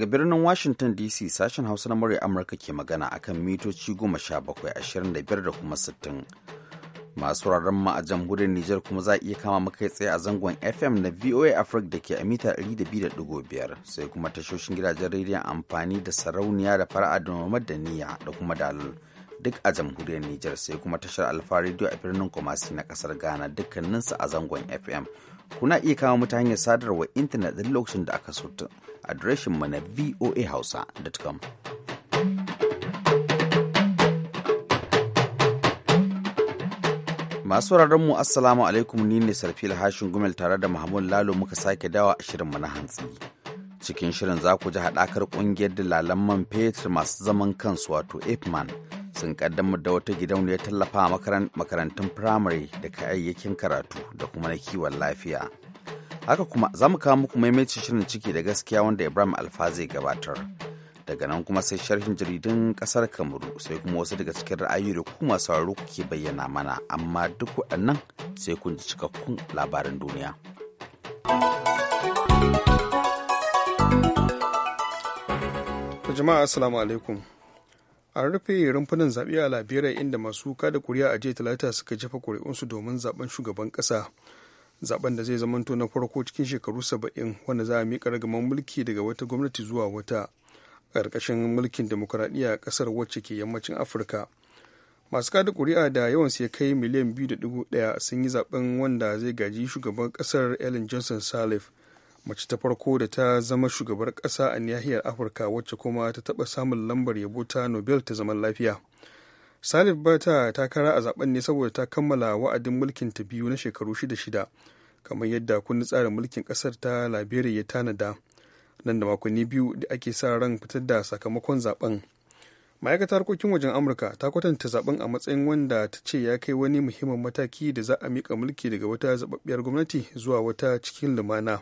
Daga birnin Washington DC sashen Hausa na murya Amurka ke magana akan mitoci goma sha bakwai ashirin da biyar da kuma sittin. Masu wuraren ma a jamhuriyar Nijar kuma za a iya kama maka tsaye a zangon FM na VOA Africa da ke a mita 200.5 sai kuma tashoshin gidajen rediyon amfani da sarauniya da fara'a da nomad da niyya da kuma dalil duk a jamhuriyar Nijar sai kuma tashar Alfa Radio a birnin Kumasi na kasar Ghana dukkaninsu a zangon FM. Kuna iya kama mutane hanyar sadarwa intanet duk lokacin da aka so mu na voahausa.com. Masu mu Assalamu alaikum ni ne Sarfil Hashin Gumel tare da Mahmud Lalo muka sake dawa a shirinmu na hantsi. Cikin shirin za ku ji haɗakar ƙungiyar dalalan man fetur masu zaman kansu wato Ipman sun ƙaddamar da wata gidauniyar tallafa makarantun firamare da kayayyakin karatu da kuma na kiwon lafiya. haka kuma za mu kawo muku maimaici shirin ciki da gaskiya wanda ibrahim alfa zai gabatar daga nan kuma sai sharhin jaridun kasar kamaru sai kuma wasu daga cikin ra'ayi da kuma sauraro kuke bayyana mana amma duk waɗannan sai kun ji cikakkun labaran duniya jama'a assalamu alaikum an rufe rumfunan zaɓe a labirai inda masu kada kuri'a a jiya talata suka jefa kuri'unsu domin zaben shugaban ƙasa zaben da zai zamanto na farko cikin shekaru saba'in wanda za a miƙa ragaman mulki daga wata gwamnati zuwa wata ƙarƙashin mulkin demokuraɗiyya a ƙasar wacce ke yammacin afirka masu kada ƙuri'a da yawan sai kai miliyan ɗaya sun yi zaben wanda zai gaji shugaban ƙasar ellen johnson salif mace ta farko da ta zama shugabar ƙasa a nahiyar afirka wacce kuma ta taɓa samun lambar yabo ta nobel ta zaman lafiya salif bata ta takara a zaben ne saboda ta kammala wa'adin mulkin ta biyu na shekaru shida shida kamar yadda kundin tsarin mulkin kasar ta liberia ya tanada nan da makonni biyu da ake sa ran fitar da sakamakon zaben ma'aikatar harkokin wajen amurka ta kwatanta zaben a matsayin wanda ta ce ya kai wani muhimmin mataki da za a mika mulki daga wata zababbiyar gwamnati zuwa wata cikin lumana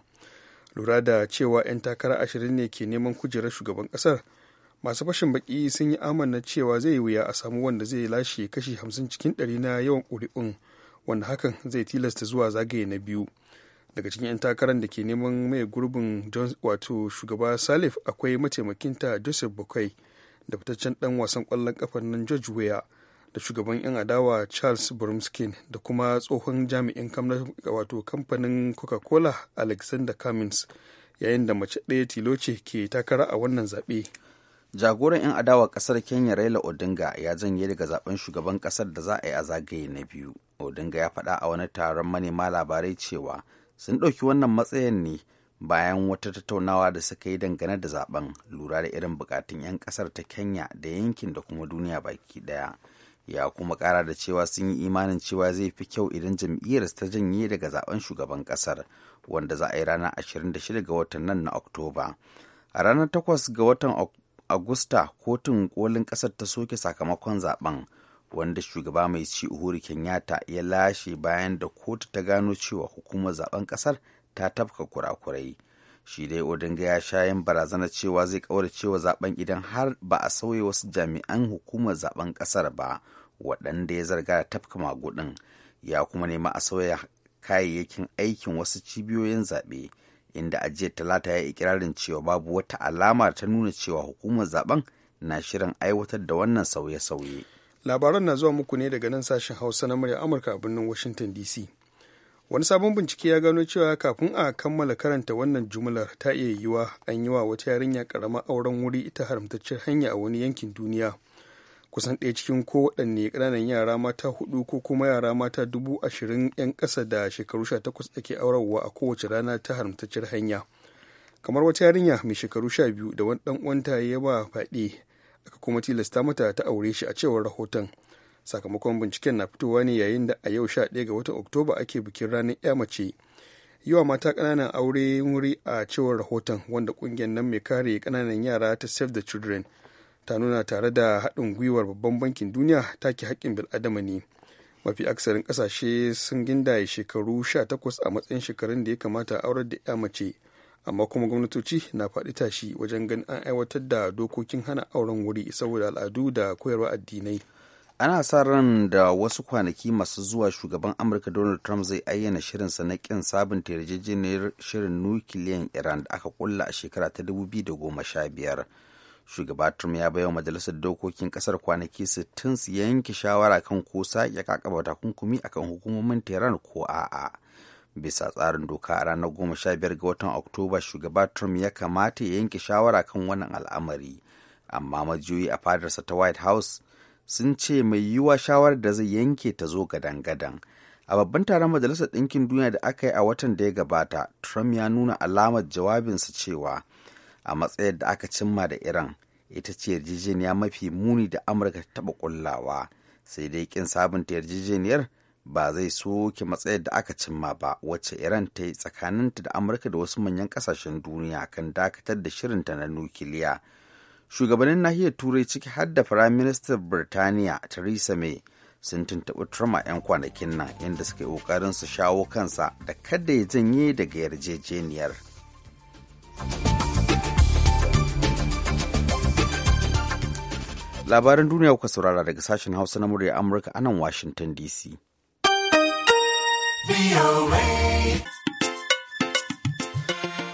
lura da cewa 'yan takara ashirin ne ke neman kujerar shugaban kasar. masu fashin baki sun yi amanna cewa zai yi wuya a samu wanda zai lashe kashi 50 cikin 100 na yawan ƙuri'un wanda hakan zai tilasta zuwa zagaye na biyu daga cikin 'yan takarar da ke neman mai gurbin wato shugaba salif akwai mataimakinta joseph bukai da fitaccen dan wasan kwallon kafar nan george weah da shugaban 'yan adawa charles brumskin da kuma tsohon jami'in wato kamfanin coca-cola alexander cummins yayin da mace ɗaya tilo ce ke takara a wannan zaɓe. jagoran 'yan adawa kasar kenya raila odinga ya janye daga zaben shugaban kasar da za a yi a zagaye na biyu odinga ya faɗa a wani taron manema labarai cewa sun ɗauki wannan matsayin ne bayan wata tattaunawa da suka yi dangane da zaben lura da irin bukatun 'yan kasar ta kenya da yankin da kuma duniya baki daya ya kuma kara da cewa sun yi imanin cewa zai fi kyau idan jam'iyyar ta janye daga zaben shugaban kasar wanda za a yi ranar 26 ga watan nan na oktoba a ranar 8 ga watan Agusta kotun kolin kasar ta soke sakamakon zaben wanda shugaba mai ci Uhuru Kenyatta ya lashe bayan da kotu ta gano cewa hukumar zaben kasar ta tafka kurakurai. Shi dai Odinga ya sha yin barazana cewa zai cewa zaben idan har ba a sauya wasu jami'an hukumar zaben kasar ba waɗanda ya zarga da tafka magudin ya kuma nema a sauya kayayyakin aikin wasu cibiyoyin zaɓe. inda a jiya talata ya ikirarin cewa babu wata alama ta nuna cewa hukumar zaben na shirin aiwatar da wannan sauye-sauye labaran na zuwa muku ne daga nan sashen hausa na murya amurka a birnin washington dc wani sabon bincike ya gano cewa kafin a kammala karanta wannan jumlar ta iya yiwuwa an yi wa wata yarinya karama auren wuri ita haramtaccen hanya a wani yankin duniya kusan ɗaya cikin kowaɗanne ƙananan yara mata hudu ko kuma yara mata dubu ashirin 'yan ƙasa da shekaru sha takwas da ake aurarwa a kowace rana ta haramtacciyar hanya kamar wata yarinya mai shekaru sha biyu da wani ɗan uwanta ya ba faɗi aka kuma tilasta mata ta aure shi a cewar rahoton sakamakon binciken na fitowa ne yayin da a yau sha ɗaya ga watan oktoba ake bikin ranar 'ya mace yiwa mata ƙananan aure wuri a cewar rahoton wanda ƙungiyar nan mai kare ƙananan yara ta save the children ta nuna tare da haɗin gwiwar babban bankin duniya take haƙƙin bil'adama ne mafi aksarin ƙasashe sun gindaye shekaru 18 a matsayin shekarun da ya kamata a aurar da ya mace amma kuma gwamnatoci na faɗi tashi wajen ganin an aiwatar da dokokin hana auren wuri saboda al'adu da koyarwa addinai ana sa ran da wasu kwanaki masu zuwa shugaban amurka donald trump zai ayyana shirinsa na kin sabunta yarjejeniyar shirin nukiliyan iran da aka kulla a shekara ta 2015 shugaba trump ya wa majalisar dokokin kasar kwanaki 60 su yanke shawara kan ko sake kakaba takunkumi a kan hukumomin tehran ko a'a bisa tsarin doka a ranar biyar ga watan oktoba shugaba trump ya kamata ya yanke shawara kan wannan al'amari amma majiyoyi a fadarsa ta white house sun ce mai yiwuwa shawarar da zai yanke ta zo gadan-gadan a babban taron majalisar ɗinkin duniya da aka yi a watan da ya gabata trump ya nuna alamar jawabinsa cewa a matsayar da aka cimma da iran ita ce yarjejeniya mafi muni da amurka ta taɓa ƙullawa sai dai kin sabunta yarjejeniyar ba zai soke matsayar da aka cimma ba wacce iran ta yi tsakaninta da amurka da wasu manyan ƙasashen duniya kan dakatar da shirinta na nukiliya shugabannin nahiyar turai ciki har da firaministan birtaniya theresa may sun tuntuɓi Trump a 'yan kwanakin nan inda suka yi ƙoƙarin su shawo kansa da kada ya janye daga yarjejeniyar. labaran duniya kuka saurara daga sashen hausa na murya amurka anan washington dc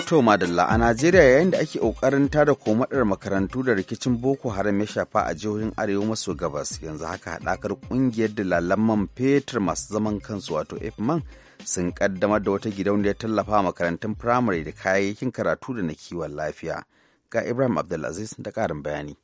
To Madalla a Najeriya yayin da ake ƙoƙarin tada komadar makarantu da rikicin Boko Haram ya shafa a jihohin Arewa maso gabas yanzu haka haɗakar ƙungiyar dalalan man fetur masu zaman kansu wato EFMAN sun ƙaddamar da wata gidauniyar tallafa makarantun firamare da kayayyakin karatu da na kiwon lafiya. Ga Ibrahim Abdulaziz da ƙarin bayani.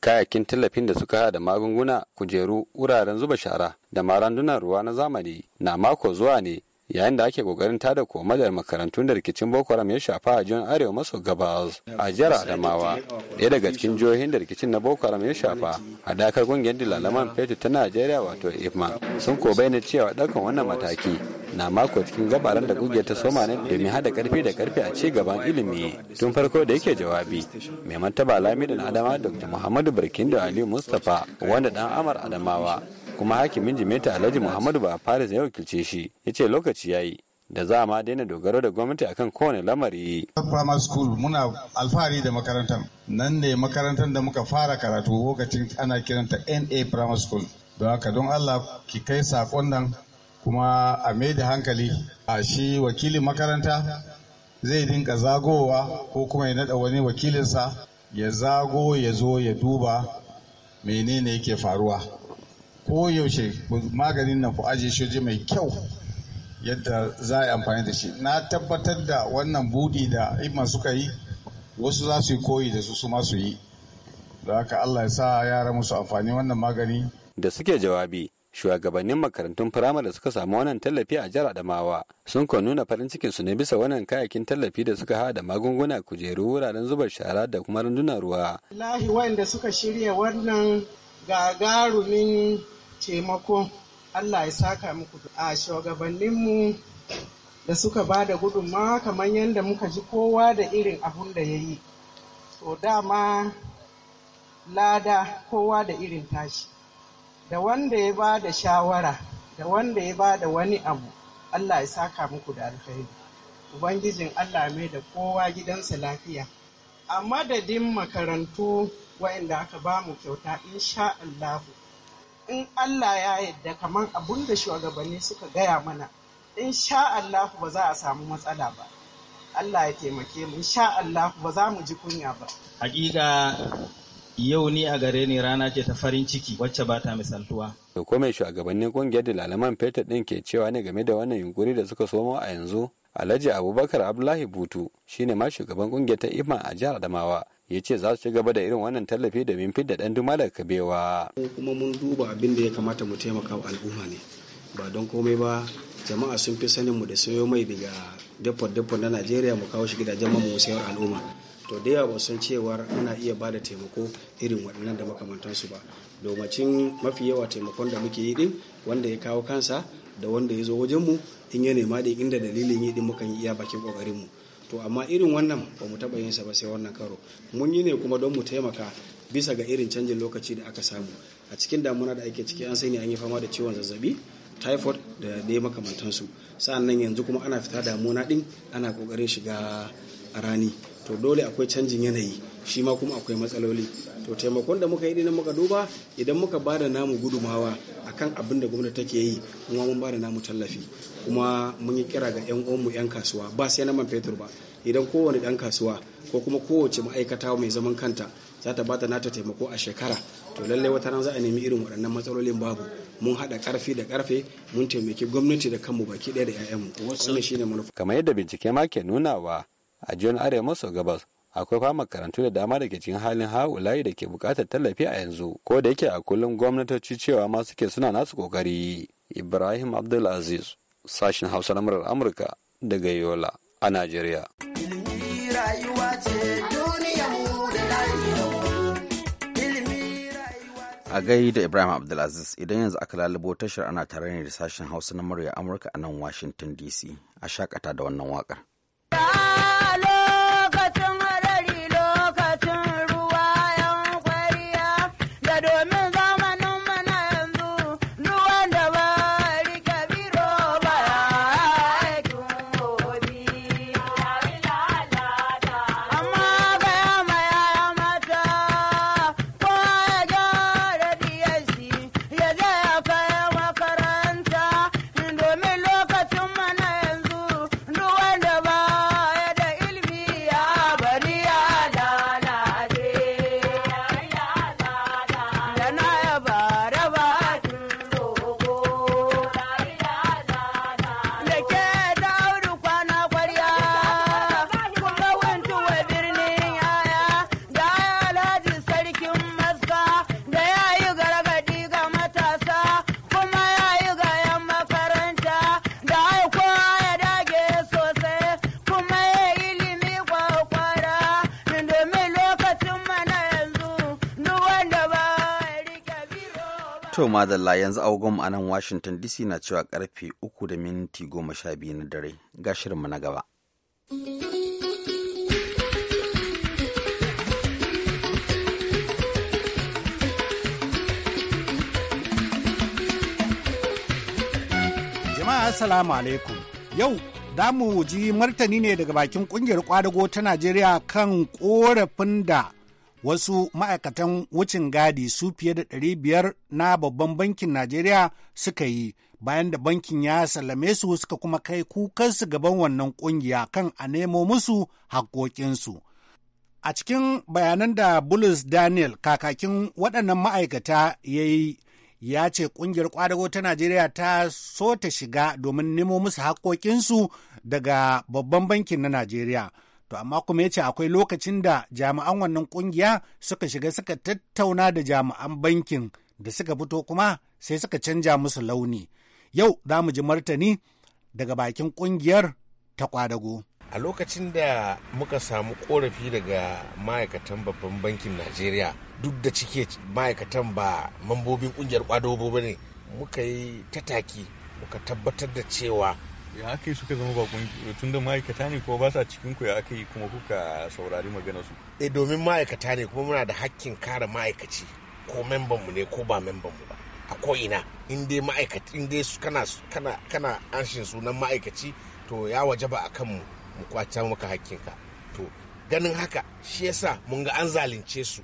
kayakin tallafin da suka haɗa magunguna kujeru wuraren zuba shara da ma randunan ruwa na zamani na mako zuwa ne yayin da ake kokarin tada da makarantun da rikicin boko haram ya shafa a jihar arewa maso gabas a jihar adamawa ɗaya daga cikin jihohin da rikicin na boko haram ya shafa dakar kungiyar dilalaman fetur ta najeriya wato ifma sun ko na cewa ɗaukan wannan mataki na mako cikin gabaran da kungiyar ta soma ne domin hada karfi da karfi a ci gaban ilimi tun farko da yake jawabi mai martaba lamidin adama dr muhammadu barkindo aliyu mustapha wanda dan amar adamawa kuma hakimin jimeta alhaji muhammadu ba faris ya wakilce shi ya ce lokaci ya yi da za ma daina dogaro da gwamnati akan kowane lamari. Primary school muna alfahari da makarantar nan ne makarantar da muka fara karatu lokacin ana kiranta NA Primary School. Don haka don Allah ki kai sakon nan kuma a mai da hankali a shi wakilin makaranta zai dinka zagowa ko kuma ya naɗa wani wakilinsa ya zago ya zo ya duba menene yake faruwa. ko yaushe maganin nan ku aje shi mai kyau yadda za a yi amfani da shi na tabbatar da wannan budi da imma suka yi wasu za su yi koyi da su su masu yi da haka allah ya sa yara musu amfani wannan magani da suke jawabi shugabannin makarantun firamare suka samu wannan tallafi a jihar adamawa sun kan nuna farin cikin su ne bisa wannan kayakin tallafi da suka hada magunguna kujeru wuraren zuba shara da kuma rundunar ruwa. Lahi wanda suka shirya wannan gagarumin taimako Allah ya saka muku a shugabanninmu da suka ba da gudunmawa kamar yadda muka ji kowa da irin abun da ya yi So dama lada kowa da irin tashi da wanda ya ba da shawara da wanda ya ba da wani abu Allah ya saka muku da alkhairi ubangijin Allah mai da kowa gidansa lafiya a madadin makarantu Wa'inda aka ba mu kyauta insha Allah in Allah ya yadda kamar abun da shugabanni suka gaya mana insha Allah ba za a samu matsala ba Allah ya taimake mu insha Allah ba za mu ji kunya ba hakika yau ni a gare ni rana ce ta farin ciki wacce ba ta misaltuwa. To ko mai shugabannin kungiyar lalaman fetur ɗin ke cewa ne game da wannan yunkuri da suka somo a yanzu? Alhaji Abubakar Abdullahi Butu shine ma shugaban kungiyar ta Iman a jihar Adamawa ya ce za su ci gaba da irin wannan tallafi da min da ɗan duma daga kabewa. kuma mun duba abin da ya kamata mu taimaka wa al'umma ne ba don komai ba jama'a sun fi sanin mu da sayo mai daga depot depot na najeriya mu kawo shi gidajen mu sayar al'umma to da yawa sun cewar ana iya ba da taimako irin waɗannan da makamantansu ba domacin mafi yawa taimakon da muke yi din wanda ya kawo kansa da wanda ya zo wajenmu in ya nema da inda dalilin yi din mukan yi iya bakin kokarin mu to amma irin wannan ba mu taɓa yin sa ba sai wannan karo mun yi ne kuma don mu taimaka bisa ga irin canjin lokaci da aka samu a cikin damuna da ake ciki an sani an yi fama da ciwon zazzabi typhoid da dai makamantansu sa'an nan yanzu kuma ana fita damuna din ana kokarin shiga a rani to dole akwai canjin yanayi shi ma kuma akwai matsaloli to taimakon da muka yi dinan muka duba idan muka ba da namu gudumawa akan abin da gwamnati take yi kuma mun ba da namu tallafi kuma mun yi kira ga 'yan uwanmu 'yan kasuwa ba sai na man fetur ba idan kowane dan kasuwa ko kuma kowace ma'aikata mai zaman kanta za ta bata nata taimako a shekara to lallai wata ran za a nemi irin waɗannan matsalolin babu mun haɗa karfi da karfe mun taimaki gwamnati da kanmu baki ɗaya da 'ya'yanmu wannan shine manufa kamar yadda bincike ma ke nunawa a jiyon arewa maso gabas akwai fama makarantu da dama da ke cikin halin ha'ulayi da ke bukatar tallafi a yanzu ko da yake a kullum gwamnatoci cewa ma suke suna nasu kokari ibrahim abdulaziz sashen hausa na murar amurka daga yola a najeriya a gai da ibrahim abdulaziz idan yanzu aka lalubo tashar ana tare ne da sashen hausa na murya amurka a nan washington dc a shakata da wannan wakar To madalla yanzu agogon a nan Washington DC na cewa karfe uku da minti goma sha biyu na dare ga shirinmu na gaba. Jama'a Assalamu alaikum. Yau damu ji martani ne daga bakin kungiyar kwadago ta Najeriya kan korafin da wasu ma'aikatan wucin gadi su fiye da ɗari biyar na babban bankin Najeriya suka yi bayan da bankin ya sallame su suka kuma kai kukansu gaban wannan kungiya kan a nemo musu haƙoƙinsu. A cikin bayanan da Bulus Daniel kakakin waɗannan ma'aikata ya yi ya ce ƙungiyar ƙwadago ta Najeriya ta so ta shiga domin nemo musu haƙoƙinsu daga babban bankin na Najeriya. To amma kuma ya ce akwai lokacin da jami'an wannan kungiya suka shiga suka tattauna da jami'an bankin da suka fito kuma sai suka canja musu launi. Yau za mu ji martani daga bakin kungiyar ta kwadago. A lokacin da muka samu korafi daga ma'aikatan babban bankin Najeriya duk da cike ma'aikatan ba mambobin kungiyar kwadago ba ne muka yi tataki muka tabbatar da cewa ya aka yi suka zama bakun tun da ma'aikata ne kuma ba sa cikin ku ya aka yi kuma kuka saurari magana su eh domin ma'aikata ne kuma muna da hakkin kare ma'aikaci ko memban mu ne ko ba memban mu ba a ko ina in dai ma'aikaci in dai kana kana kana anshin sunan ma'aikaci to ya wajaba akan mu mu kwace maka hakkin ka to ganin haka shi yasa mun ga an zalunce su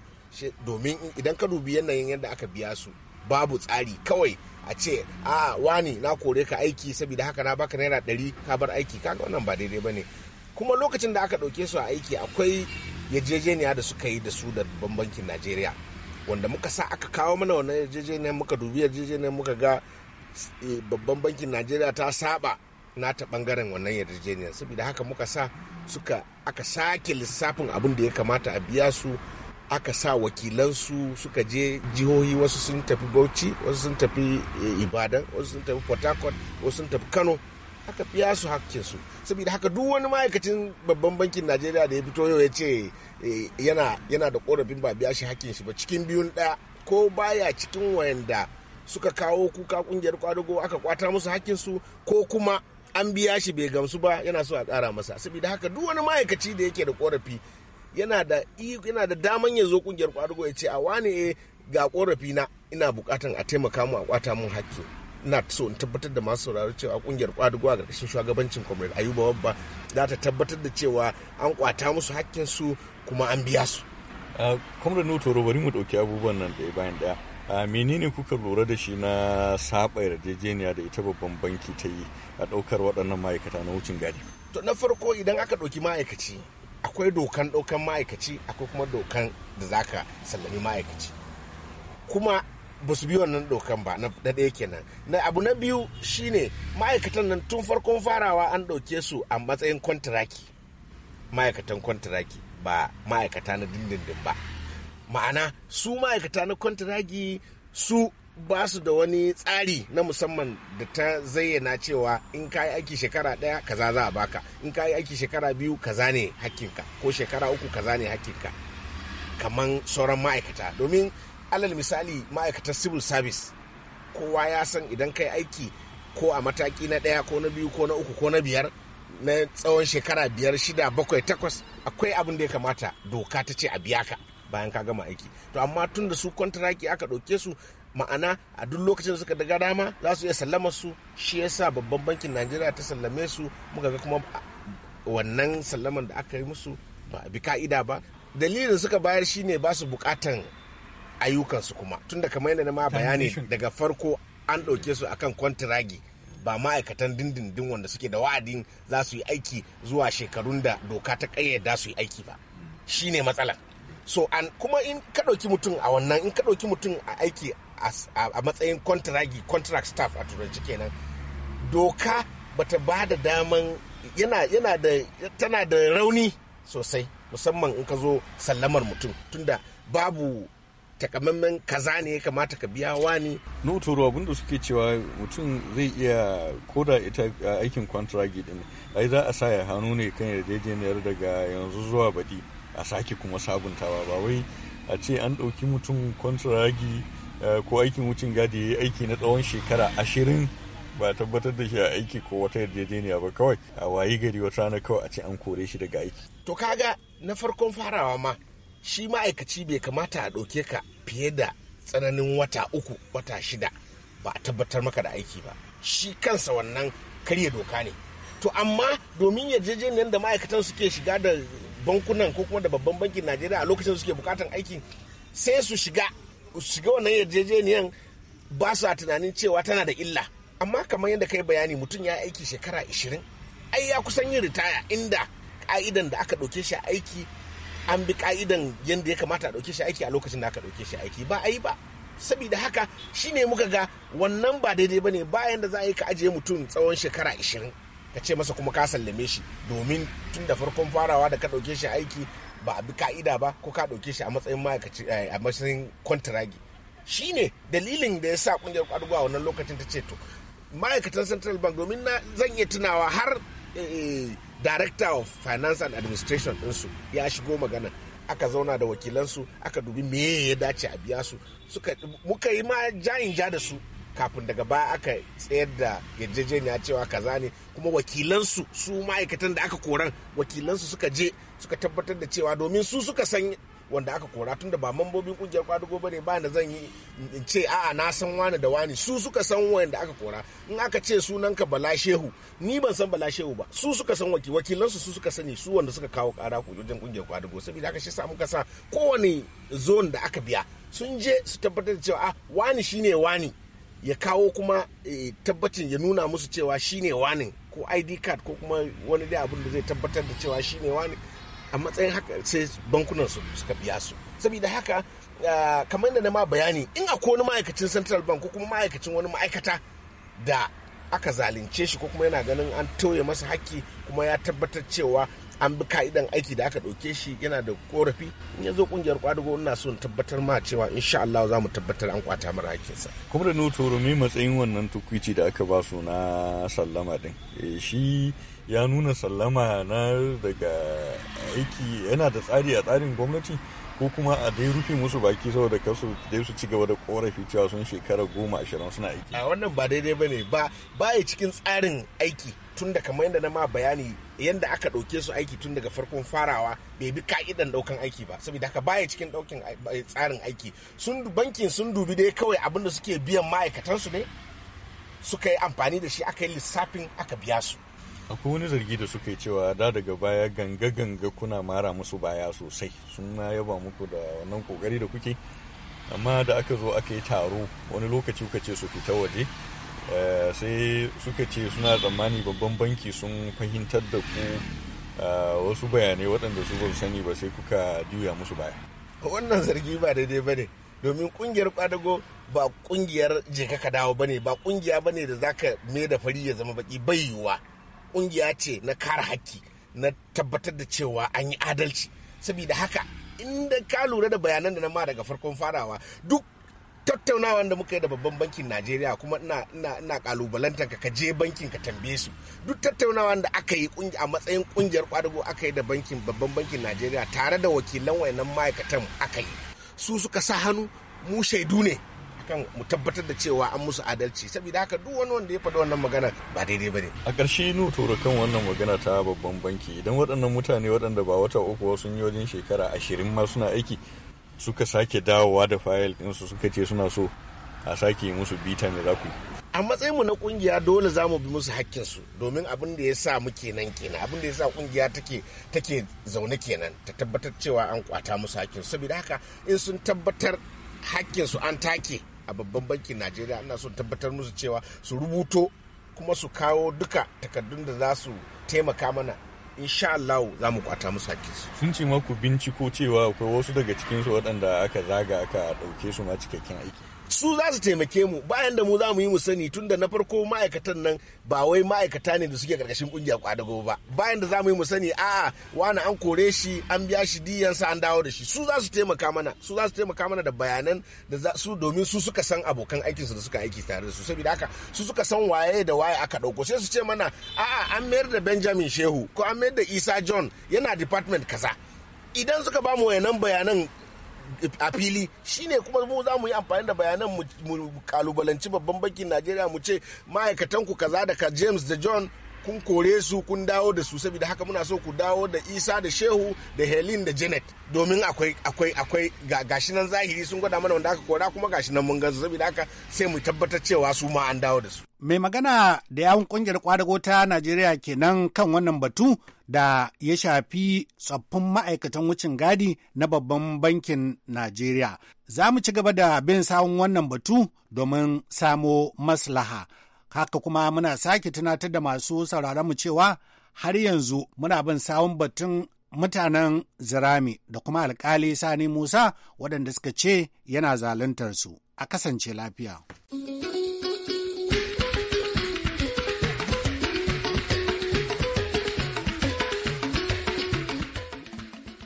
domin idan ka dubi yanayin yadda aka biya su babu tsari kawai a ce a wani na kore ka aiki saboda haka na baka naira ɗari ka bar aiki kaga wannan ba daidai ba ne kuma lokacin da aka ɗauke su a aiki akwai yarjejeniya da suka yi da su da banbankin najeriya wanda muka sa aka kawo mana wannan yarjejeniyar muka dubi yarjejeniyar muka ga eh, babban bankin najeriya ta saba na ta bangaren wannan yarjejeniyar saboda haka muka sa suka aka sake lissafin abin da ya kamata a biya su aka sa wakilansu suka je jihohi wasu sun tafi bauchi wasu sun tafi eh, ibadan wasu sun tafi port harcourt wasu sun tafi kano aka fiya su hakkinsu saboda haka duk wani ma'aikacin babban bankin najeriya da ya fito yau ya ce eh, yana da korafin ba biya shi hakkin shi ba cikin biyun ɗaya ko baya cikin wayanda suka kawo kuka kungiyar kwadugo aka kwata musu hakkinsu ko kuma an biya shi bai gamsu ba yana so a ƙara masa saboda haka duk wani ma'aikaci da yake da korafi yana da yana daman ya zo kungiyar kwadugo ya ce a wane eh, ga korafi na ina bukatan a taimaka mu a kwata mun hakki na so in tabbatar da masu sauraro cewa kungiyar kwadugo a ƙarƙashin shugabancin comrade ayuba babba za ta tabbatar da cewa an kwata musu hakkin su kuma an biya su comrade nutoro bari mu dauki abubuwan nan ɗaya bayan ɗaya a menene kuka lura da shi na saba yarjejeniya da ita babban banki ta yi a ɗaukar waɗannan ma'aikata na wucin gadi to na farko idan aka ɗauki ma'aikaci akwai dokan ɗaukan ma'aikaci akwai kuma dokan da za ka sallami ma'aikaci kuma ba su bi wannan dokan ba na ɗaya kenan na abu na biyu shine ma'aikatan nan tun farkon farawa an ɗauke su a matsayin kwantiraki ma'aikatan kwantiraki ba ma'aikata na dindindin ba ma'ana su ma'aikata na kwantiraki su ba su da wani tsari na musamman da ta zayyana cewa in ka yi aiki shekara ɗaya kaza za a baka in ka yi aiki shekara biyu kaza ne hakkinka ko shekara uku kaza ne hakkinka kamar sauran ma'aikata domin alal misali ma'aikatar civil service kowa ya san idan ka yi aiki ko a mataki na ɗaya ko na biyu ko na uku ko na biyar na tsawon shekara biyar shida bakwai takwas akwai abin da ya kamata doka ta ce a biya ka bayan ka gama aiki to amma tun da su kwantaraki aka ɗauke su ma'ana a duk lokacin da suka daga dama za su iya sallama su shi yasa babban bankin najeriya ta sallame su muka ga kuma wannan sallaman da aka yi musu ba bi ka'ida ba dalilin suka bayar shine ba su bukatan ayyukansu kuma tunda kamar yadda na ma bayani daga farko an ɗauke su akan kwantiragi ba ma'aikatan dindindin wanda suke da wa'adin za su yi aiki zuwa shekarun da doka ta ƙayyada su yi aiki ba shi ne matsalar so an kuma in ka ɗauki mutum a wannan in ka ɗauki mutum a aiki a matsayin kontragi contract staff a turanci kenan doka bata ba da daman yana yana da tana da rauni sosai musamman in ka zo sallamar mutum tunda babu takamaiman kaza ne ya kamata ka biya wani. Noto ruwa suke cewa mutum zai iya koda ita aikin kwantaragi din ai za a sa ya hannu ne kan yarjejeniyar daga yanzu zuwa baɗi. a sake kuma sabuntawa ba wai a ce an ɗauki mutum kwantaragi eh, ko aikin wucin gadi ya yi aiki na tsawon shekara ashirin ba tabbatar da shi a aiki ko wata yarjejeniya ba kawai a wayi gari wata rana kawai a ce an kore shi daga aiki. To kaga na farkon farawa ma shi ma'aikaci bai kamata a ɗauke ka fiye da tsananin wata uku wata shida ba a tabbatar maka da aiki ba shi kansa wannan karya doka ne to amma domin yarjejeniyar da ma'aikatan suke shiga da bankunan ko kuma da babban bankin najeriya a lokacin da suke bukatan aiki sai su shiga su shiga wannan yarjejeniyan ba su tunanin cewa tana da illa amma kamar yadda kai bayani mutum ya aiki shekara 20 ai ya kusan yin ritaya inda ka'idan da aka ɗauke shi aiki an bi ka'idan yadda ya kamata a ɗauke shi aiki a lokacin da aka ɗauke shi aiki ba ayi ba saboda haka shine muka ga wannan ba daidai bane bayan da za a yi ka ajiye mutum tsawon shekara 20 ka ce masa kuma ka sallame shi domin tun da farkon farawa da ka ɗauke shi aiki ba a bi ka'ida ba ko ka ɗauke shi a matsayin ma'aikaci eh, a matsayin kwantiragi shi ne dalilin da ya sa ƙungiyar ƙwadugo a wannan lokacin ta ce to ma'aikatan central bank domin na zan iya tunawa har eh, director of finance and administration ɗinsu ya shigo magana aka zauna da wakilansu aka dubi me ya dace a biya su muka yi ma jayin ja da su kafin daga baya aka tsayar da yarjejeniya cewa kaza ne kuma wakilansu su ma'aikatan da aka koran wakilansu suka je suka tabbatar da cewa domin su suka san wanda aka kora tun da ba mambobin kungiyar kwadugo ne ba na zan yi in ce a'a na san wani da wani su suka san wanda aka kora in aka ce sunanka bala shehu ni ban san bala shehu ba su suka san waki wakilansu su suka sani su wanda suka kawo kara ku wajen kungiyar kwadugo saboda aka shi samu kasa kowane zone da aka biya sun je su tabbatar da cewa a ah, wani shine wani ya kawo kuma eh, tabbacin ya nuna musu cewa shine wani ko id card ko kuma wani dai abin da zai tabbatar da cewa shine wani a matsayin haka sai bankunan su suka biya su saboda haka ah, kamar da na ma bayani in akwai wani ma'aikacin central bank ko kuma ma'aikacin wani ma'aikata da aka zalunce shi ko kuma yana ganin an toye masa haƙƙi kuma ya tabbatar cewa an bi ka'idan aiki da aka ɗauke shi yana da korafi in ya zo kungiyar kwadugo ina so tabbatar ma cewa insha Allah za mu tabbatar an kwata mara hakinsa. kuma da nuto rumi matsayin wannan tukwici da aka ba su na sallama din eh, shi ya nuna sallama na daga aiki yana da tsari a tsarin gwamnati ko kuma a dai rufe musu baki saboda kasu dai su ci gaba da korafi cewa sun shekara goma ashirin suna aiki a wannan ba daidai ba ne ba ya cikin tsarin aiki tun da kamar yadda na ma bayani yadda aka ɗauke su aiki tun daga farkon farawa bai bi ka'idan ɗaukan aiki ba saboda haka baya cikin ɗaukin tsarin aiki sun bankin sun dubi dai kawai abin da suke biyan ma'aikatansu ne suka yi amfani da shi aka yi lissafin aka biya su akwai wani zargi da suka yi cewa da daga baya ganga ganga kuna mara musu baya sosai sun na yaba muku da wannan kokari da kuke amma da aka zo aka yi taro wani lokaci kuka ce su fita waje Eh, sai suka ce suna tsammani babban banki sun fahimtar da ku eh, wasu bayanai waɗanda su ba sani ba sai kuka juya musu baya wannan zargi ba daidai ba ne domin kungiyar kwadago ba kungiyar jika ka dawo ba ne ba kungiya ba ne da za ka me da fari ya zama baki bai yiwuwa kungiya ce na kara haƙƙi na tabbatar da cewa an yi adalci saboda haka inda ka lura da bayanan da na ma daga farkon farawa duk tattaunawa da muka yi da babban bankin najeriya kuma ina kalubalanta kalubalantar ka je bankin ka tambaye su duk tattaunawa da aka yi a matsayin kungiyar kwadago aka yi da bankin babban bankin najeriya tare da wakilan wayannan ma'aikatan aka yi su suka sa hannu mu shaidu ne kan mu tabbatar da cewa an musu adalci saboda haka duk wani wanda ya faɗi wannan magana ba daidai ba ne a ƙarshe nu tura kan wannan magana ta babban banki idan waɗannan mutane waɗanda ba wata uku sun yi wajen shekara ashirin ma suna aiki suka sake dawowa da fayil ɗinsu suka ce suna so a sake musu bita mai zaku a matsayinmu na kungiya dole za mu bi musu hakkinsu domin abin da ya sa mu kenan kenan abin da ya sa kungiya take take zaune kenan ta tabbatar cewa an kwata musu hakkinsu saboda haka in sun tabbatar hakkinsu an take a babban bankin najeriya ana son tabbatar musu cewa su rubuto kuma su kawo duka takardun da za su taimaka mana insha Allah za mu kwata musu su. sun ce maku, binciko cewa akwai wasu daga cikinsu waɗanda aka zaga aka ɗauke su ma cikakken aiki su za su taimake mu bayan da mu za mu yi mu sani tun da na farko ma'aikatan nan ba wai ma'aikata ne da suke karkashin kungiya kwadago ba bayan da za mu yi mu sani a'a wani an kore shi an biya shi diyansa an dawo da shi su za su taimaka mana su za su taimaka mana da bayanan da su domin su suka san abokan aikinsu da suka aiki tare da su saboda haka su suka san waye da waye aka dauko sai su ce mana a'a an mayar da Benjamin Shehu ko an mayar da Isa John yana department kaza idan suka ba mu wayannan bayanan a fili shine kuma mu za mu yi amfani da bayanan mu kalubalanci babban bankin najeriya mu ce ma'aikatan ku kaza da ka james da john kun kore su kun dawo da su saboda haka muna so ku dawo da isa da shehu da helin da janet domin akwai akwai akwai gashi nan zahiri sun gwada mana wanda aka kora kuma gashi nan mun gansu saboda haka sai mu tabbatar cewa su ma an dawo da su mai magana da yawun kungiyar kwadago ta najeriya kenan kan wannan batu da ya shafi tsoffin ma'aikatan wucin gadi na babban bankin najeriya za mu ci gaba da bin sawun wannan batu domin samo maslaha Haka kuma muna sake tunatar da masu mu cewa har yanzu muna bin sawun batun mutanen Zirami da kuma alkali Sani Musa waɗanda suka ce yana zaluntar su. A kasance lafiya.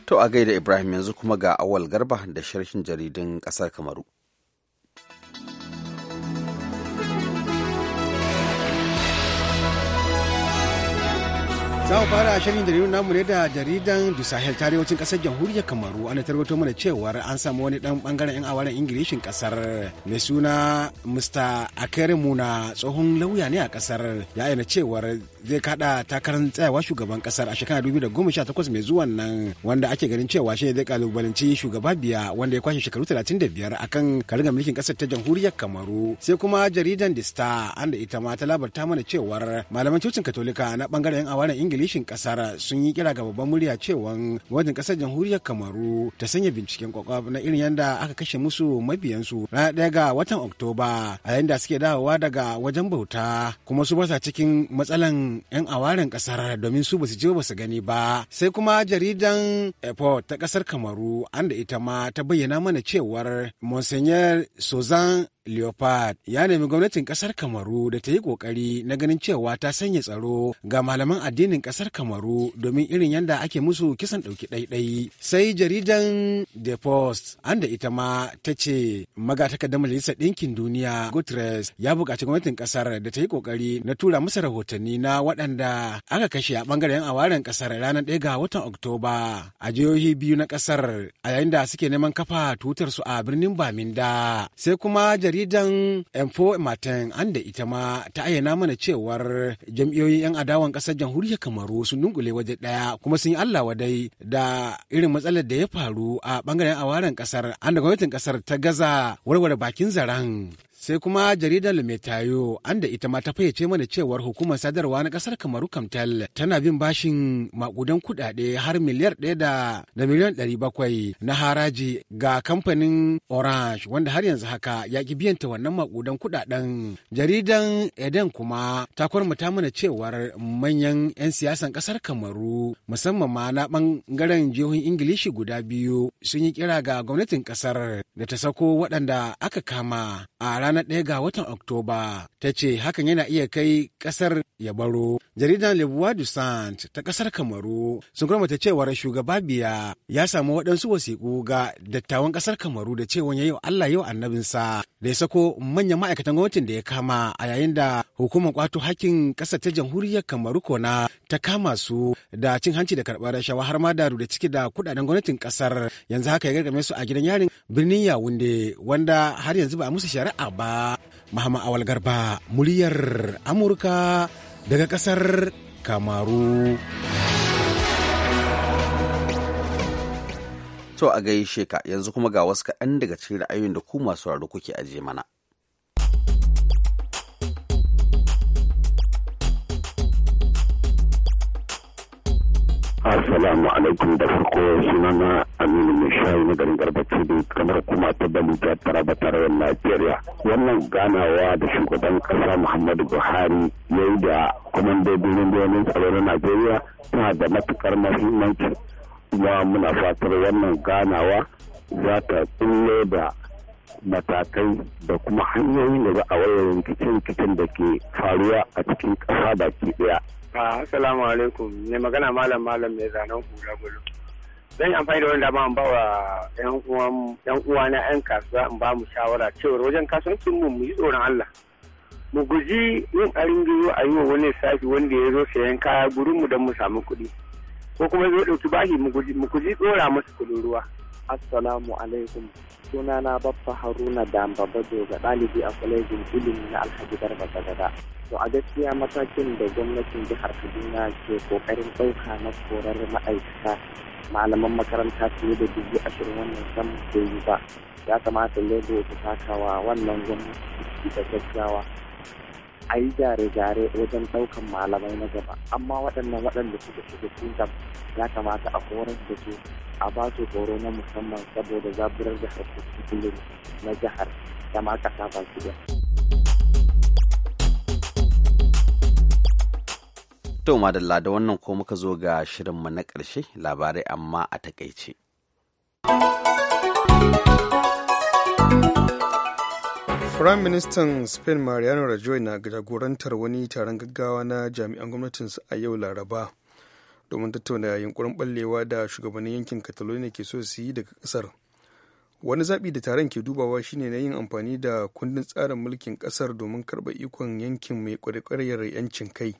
To a gaida Ibrahim yanzu kuma ga awal garba da sharhin jaridun ƙasar Kamaru. Za mu fara shirin jaridun namu ne da jaridan Du Sahel arewacin kasar jamhuriyar Kamaru ana tarbato mana cewar an samu wani dan bangaren yan awaren Ingilishin kasar mai suna Mr. akeremu na tsohon lauya ne a kasar ya ayyana cewar zai kada takarar tsayawa shugaban kasar a shekara 2018 mai zuwan nan wanda ake ganin cewa shi ne zai kalubalanci shugaba biya wanda ya kwashe shekaru talatin da 35 akan karigar mulkin kasar ta jamhuriyar kamaru sai kuma jaridan the star anda ita ma ta labarta mana cewar malaman cocin katolika na bangaren awaren ingilishin kasar sun yi kira ga babban murya cewan wajen kasar jamhuriyar kamaru ta sanya binciken kwakwa na irin yadda aka kashe musu mabiyansu ranar ɗaya ga watan oktoba a yayin da suke dawowa daga wajen bauta kuma su basa cikin matsalan 'yan awaren kasar domin su basu je ba su gani ba sai kuma jaridan Epo ta kasar kamaru an da ita ma ta bayyana mana cewar monsignor sozan leopard ya nemi gwamnatin kasar kamaru da ta yi kokari na ganin cewa ta sanya tsaro ga malaman addinin kasar kamaru domin irin yadda ake musu kisan ɗauki ɗaiɗai sai jaridan the post an da ita ma ta ce magatakardar majalisar ɗinkin duniya gutres ya buƙaci gwamnatin kasar da ta yi kokari na tura masa rahotanni na waɗanda aka kashe a ɓangaren awaren kasar ranar ɗaya ga watan oktoba a jihohi biyu na kasar a yayin da suke neman kafa tutar su a birnin baminda sai kuma jaridan Enfo Martin an da ita ma ta ayyana mana cewar jam'iyoyin 'yan adawan ƙasar jamhuriyar Kamaru sun dunkule waje ɗaya kuma sun yi Allah wadai da irin matsalar da ya faru a bangaren awaren ƙasar an da gwamnatin ƙasar ta gaza warware bakin zaren. sai kuma jaridar metayo an da ita ma ta fayyace mana cewar hukumar sadarwa na kasar kamaru kamtal tana bin bashin makudan kudade har miliyar ɗaya da da miliyan ɗari bakwai na haraji ga kamfanin orange wanda har yanzu haka ya ki biyanta wannan makudan kudaden jaridan eden kuma ta kwarmata mana cewar manyan 'yan siyasan kasar kamaru musamman ma na bangaren jihohin ingilishi guda biyu sun yi kira ga gwamnatin kasar da ta sako waɗanda aka kama a ranar ɗaya ga watan Oktoba. Ta ce hakan yana iya kai ƙasar ya baro. Jaridar Le du Sant ta ƙasar Kamaru sun ta cewar shugaba biya ya samu waɗansu wasiƙu ga dattawan ƙasar Kamaru da cewa ya yi Allah yau annabinsa da ya sako manyan ma'aikatan gwamnatin da ya kama a yayin da hukumar kwato hakkin ƙasar ta jamhuriyar Kamaru kona ta kama su da cin hanci da karɓar rashawa har ma da da ciki da kuɗaɗen gwamnatin ƙasar yanzu haka ya gargame su a gidan yarin birnin Yawunde wanda har yanzu ba a musu shari'a ba. ba. Mahama Awal Garba, muryar Amurka daga ƙasar Kamaru. To a gaishe ka yanzu kuma ga wasu kaɗan daga cikin ra'ayoyin da ku masu kuke ajiye mana. Assalamu alaikum da farko sunana Aminu mai shayi na garin garbace da kamar kuma ta ba tara Tarayyar Najeriya. Wannan ganawa da shugaban kasa Muhammadu Buhari ya yi da kwamandodin rundunonin tsaro na Najeriya tana da matukar mahimmanci kuma muna fatar wannan ganawa za ta kullo da matakai da kuma hanyoyin da za a wayar rikicin da ke faruwa a cikin ƙasa baki ɗaya. Ah, assalamu alaikum. Ne magana malam malam mai zanen hula bulu. Zan yi amfani da wani dama an bawa yan uwa na yan kasuwa in ba mu shawara cewa wajen kasuwancin mu mu yi tsoron Allah. Mu guji yin arin gizo a yi wa wani sashi wanda ya zo sayan kaya gurin mu don mu samu kuɗi. Ko kuma zo ɗauki bashi mu guji tsora masa kuɗin ruwa. Assalamu alaikum. Sunana Baffa Haruna Dambaba ga ɗalibi a kwalejin ilimi na Alhaji Garba Gadada. To a gaskiya matakin da gwamnatin jihar Kaduna ke kokarin ɗauka na korar ma'aikata malaman makaranta fiye da dubu ashirin wannan sam bai yi ba. Ya kamata Lagos ta takawa wannan gwamnati da gaggawa. a yi gyare-gyare wajen ɗaukan malamai na gaba amma waɗannan waɗanda suka shiga cikin ya kamata a horar da su a ba su horo na musamman saboda zaburar da harkokin na jihar da ma ƙasa su da. To madalla da wannan ko muka zo ga shirin mu na ƙarshe labarai amma a takaice. Prime Minister Spain Mariano Rajoy na jagorantar wani taron gaggawa na jami'an gwamnatinsa a yau Laraba domin tattauna yunkurin ballewa da shugabannin yankin Catalonia ke so su yi daga kasar. Wani zaɓi da taron ke dubawa shine na yin amfani da kundin tsarin mulkin kasar domin karɓa ikon yankin mai ƙwarƙwarriyar 'yancin kai.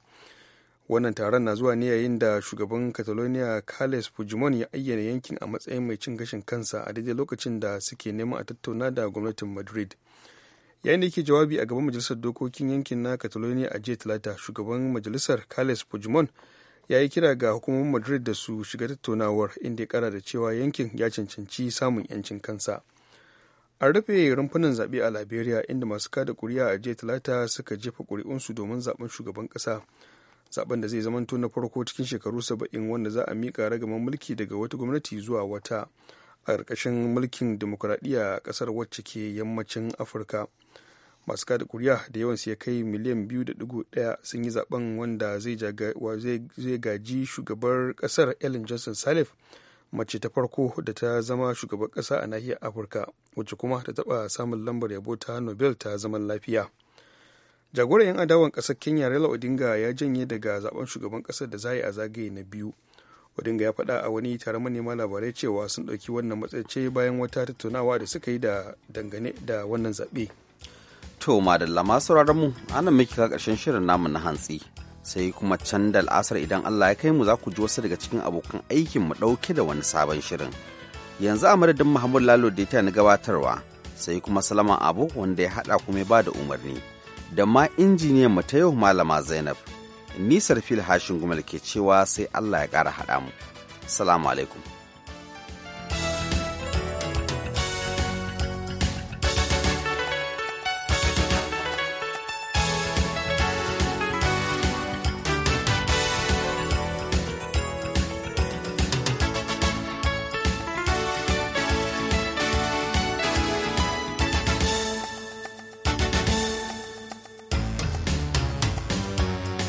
Wannan taron na zuwa ne yayin da shugaban Catalonia Carles Puigdemont ya ayyana yankin a matsayin mai cin gashin kansa a daidai lokacin da suke neman a tattauna da gwamnatin Madrid. yayin da yake jawabi a gaban majalisar dokokin yankin na catalonia a jiya talata shugaban majalisar carles puigdemont ya yi kira ga hukumomin madrid da su shiga tattaunawar inda ya kara da cewa yankin ya cancanci samun yancin kansa an rufe rumfunan zaɓe a liberia inda masu kada kuri'a a jiya talata suka jefa kuri'unsu domin zaɓen shugaban ƙasa zaɓen da zai zamanto na farko cikin shekaru saba'in wanda za a miƙa ragaman mulki daga wata gwamnati zuwa wata a ƙarƙashin mulkin demokuraɗiyya a ƙasar wacce ke yammacin afirka masu kada kuriya da yawan ya kai miliyan biyu da dugu ɗaya sun yi zaben wanda zai gaji shugabar ƙasar ellen johnson salif mace ta farko da ta zama shugaban ƙasa a nahiyar afirka wacce kuma ta taɓa samun lambar yabo ta nobel ta zaman lafiya jagoran 'yan adawan ƙasar kenya raila odinga ya janye daga zaben shugaban ƙasar da za a zagaye na biyu odinga ya faɗa a wani taron manema labarai cewa sun ɗauki wannan matsayace bayan wata tattaunawa da suka yi da dangane da wannan zaɓe to madalla masu mu anan muke ka ƙarshen shirin namu na hantsi sai kuma can da al'asar idan allah ya kai mu za ku ji wasu daga cikin abokan aikin mu ɗauke da wani sabon shirin yanzu a madadin muhammadu lalo da ta na gabatarwa sai kuma salaman abu wanda ya haɗa kuma ya ba da umarni da ma injiniyan mu ta yau malama zainab nisar fil hashin gumal ke cewa sai allah ya ƙara haɗa mu salamu alaikum